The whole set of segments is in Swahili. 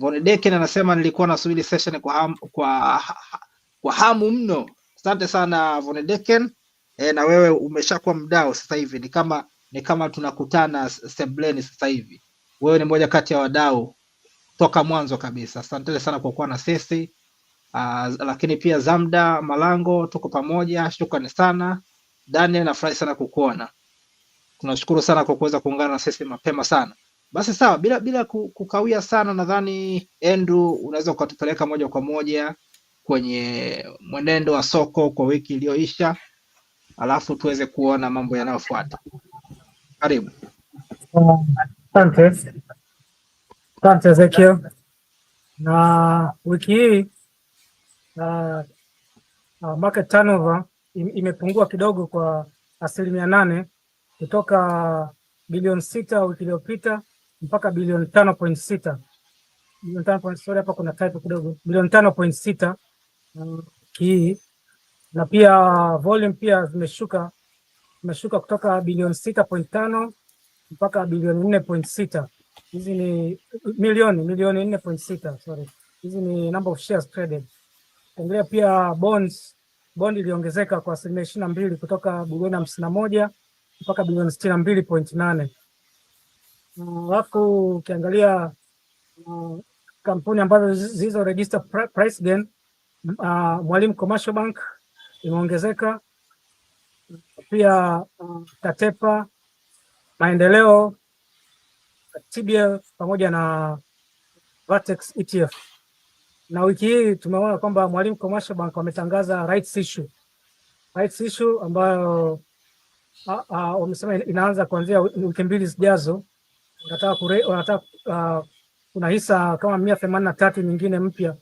Von Deken anasema nilikuwa nasubiri session kwa ham, kwa, kwa hamu mno. Asante sana Von Deken. E, na wewe umeshakuwa mdau sasa hivi ni kama ni kama tunakutana sebleni sasa hivi. Wewe ni moja kati ya wadau toka mwanzo kabisa. Asante sana kwa kuwa na sisi. Uh, lakini pia Zamda Malango tuko pamoja, shukrani sana. Daniel nafurahi sana kukuona. Tunashukuru sana kwa kuweza kuungana na sisi mapema sana. Basi sawa, bila bila kukawia sana, nadhani Andrew, unaweza ukatupeleka moja kwa moja kwenye mwenendo wa soko kwa wiki iliyoisha, alafu tuweze kuona mambo yanayofuata. Karibu. Asante, asante Ezekiel. Na wiki hii uh, uh, market turnover imepungua kidogo kwa asilimia nane kutoka bilioni sita wiki iliyopita mpaka bilioni tano point sita bilioni tano point sori, hapa kuna type kidogo, bilioni tano point sita hii uh, na pia volume pia zimeshuka zimeshuka kutoka bilioni sita point tano mpaka bilioni nne point sita hizi ni milioni milioni nne point sita sorry, hizi ni number of shares traded. Angalia pia bonds, bond iliongezeka kwa asilimia ishirini na mbili kutoka bilioni hamsini na moja mpaka bilioni sitini na mbili point nane wako ukiangalia mm, kampuni ambazo zilizo register price gain uh, Mwalimu Commercial Bank imeongezeka pia, Tatepa mm, Maendeleo, TBL pamoja na Vertex ETF. Na wiki hii tumeona kwamba Mwalimu Commercial Bank wametangaza rights issue, rights issue ambayo ah, ah, wamesema inaanza kuanzia wiki mbili zijazo wanataka kure, wanataka uh, kuna hisa kama mia themanini na tatu nyingine mpya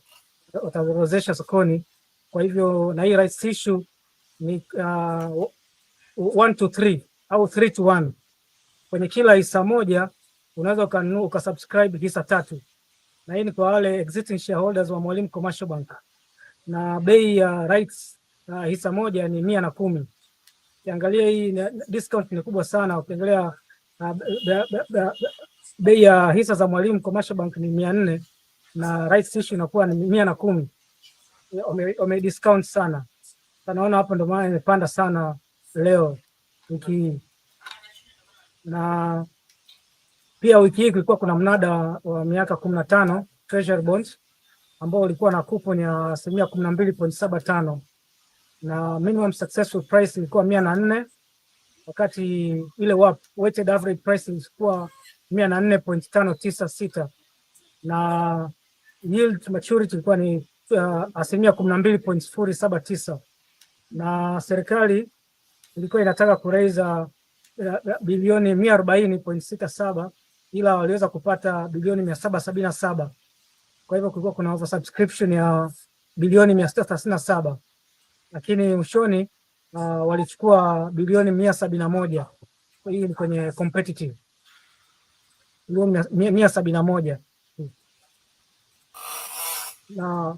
wataorozesha sokoni. Kwa hivyo na hii rights issue ni uh, one to three au three to one. Kwenye kila hisa moja unaweza ukanunua ukasubscribe hisa tatu, na hii ni kwa wale existing shareholders wa Mwalimu Commercial Bank, na bei ya uh, rights uh, hisa moja ni mia na kumi. Ukiangalia hii discount ni kubwa sana, ukiangalia bei ya hisa za Mwalimu Commercial Bank ni mia nne na rights issue inakuwa ni mia na kumi wame discount sana Tunaona hapo, ndio maana imepanda sana leo wiki hii. Na pia wiki hii kulikuwa kuna mnada wa miaka kumi na tano treasury bonds ambao ulikuwa na coupon ya asilimia kumi na mbili point saba tano na minimum successful price ilikuwa mia na nne wakati ile WAP weighted average price ilikuwa mia na nne point tano tisa sita na yield maturity ilikuwa ni uh, asilimia kumi na mbili point sifuri saba tisa na serikali ilikuwa inataka uh, uh, bilioni mia arobaini point sita saba ila waliweza kupata bilioni mia saba sabini na saba kwa hivyo kulikuwa kuna oversubscription ya bilioni mia sita thelathini na saba lakini mwishoni uh, walichukua bilioni mia sabini na moja hii ni kwenye competitive bilioni mia sabini na moja na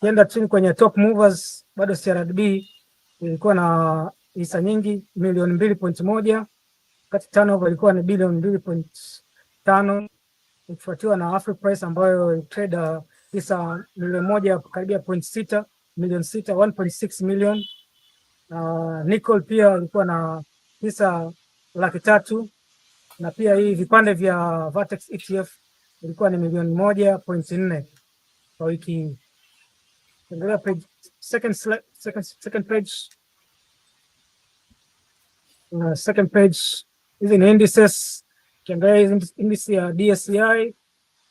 kienda chini kwenye top movers bado CRDB ilikuwa na hisa nyingi milioni mbili point moja kati turnover ilikuwa ni bilioni mbili point tano ikifuatiwa na Afriprice ambayo trader hisa milioni moja karibia point sita milioni sita six million na nickel pia ilikuwa na hisa laki tatu na pia hii vipande vya Vertex ETF ilikuwa ni milioni moja point nne kwa wiki hii. Endelea page second, second, second page uh, second page. Hizi ni indices, ukiangalia indice ya DSCI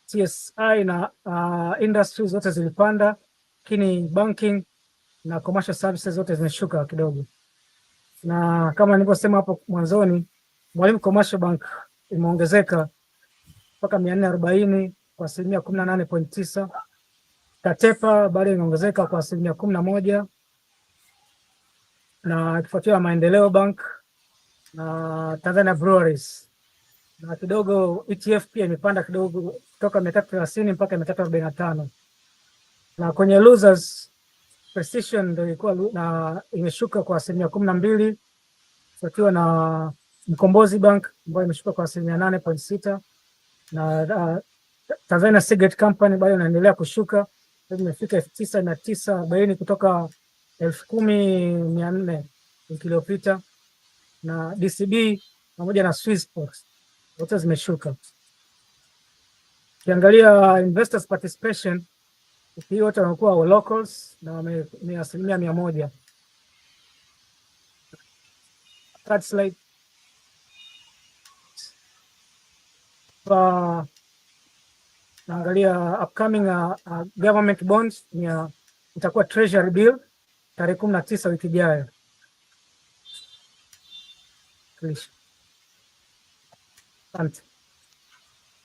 TSI na uh, industry zote zilipanda, lakini banking na commercial services zote zimeshuka kidogo, na kama nilivyosema hapo mwanzoni, Mwalimu Commercial Bank imeongezeka mpaka 440 kwa asilimia kumi na bado imeongezeka kwa asilimia kumi na moja Maendeleo Bank na Tanzania Breweries na kidogo ETF pia imepanda kidogo kutoka 330 mpaka 345 na kwenye losers Precision ndio ilikuwa na imeshuka kwa asilimia kumi na mbili ikiwa na Mkombozi Bank ambayo imeshuka kwa asilimia nane point sita na uh, Tanzania Cigarette Company bado inaendelea kushuka, imefika elfu tisa mia tisa arobaini kutoka elfu kumi mia nne wiki iliyopita, na DCB pamoja na Swissport zote zimeshuka. Ukiangalia investors participation hii wote wamekuwa locals na wame, ni asilimia mia moja. Third slide. Uh, naangalia upcoming uh, uh, government bonds ni uh, itakuwa treasury bill tarehe kumi na tisa wiki ijayo. Asante.